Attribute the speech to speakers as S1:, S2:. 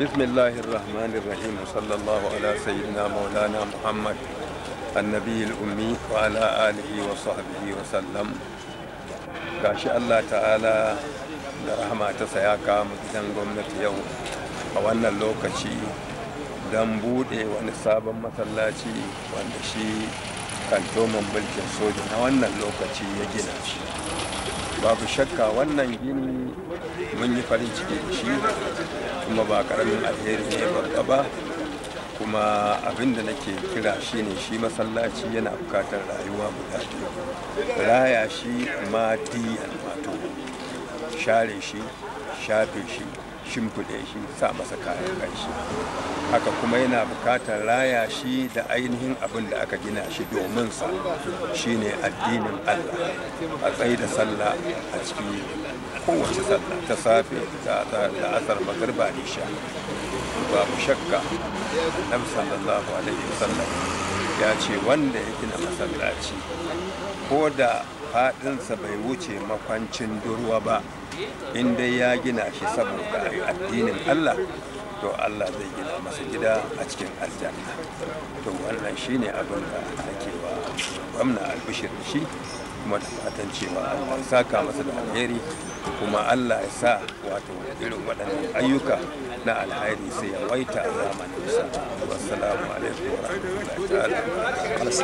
S1: بسم الله الرحمن الرحيم وصلى الله على سيدنا مولانا محمد النبي الأمي وعلى آله وصحبه وسلم gashi Allah ta'ala da rahama ta saya mu gidan gwamnati yau a wannan lokaci don buɗe wani sabon masallaci wanda shi kantoman mulkin soja na wannan lokaci ya gina shi babu shakka wannan gini mun yi farin ciki da shi kuma ba karamin alheri ne babba ba kuma abin da nake kira shi ne shi masallaci yana bukatar rayuwa guda biyu raya shi ma wato share shi shafe shi shimfiɗe shi sa masa kayan ƙanshi haka kuma yana buƙatar raya shi da ainihin abin da aka gina shi domin sa shine addinin Allah a tsaye da sallah a cikin kowace sallah ta safe da asar magarba da sha babu shakka annabi sallallahu alaihi wasallam ya ce wanda ya gina masallaci ko da faɗinsa bai wuce makwancin durwa ba in dai ya gina shi saboda addinin Allah to Allah zai gina masa gida a cikin aljanna to wannan shine abin da ake wa gwamna albishir shi kuma da fatan cewa Allah ya saka masa da alheri kuma Allah ya sa wato irin waɗannan ayyuka na alheri sai ya waita zamaninsa wassalamu alaikum warahmatullahi ta'ala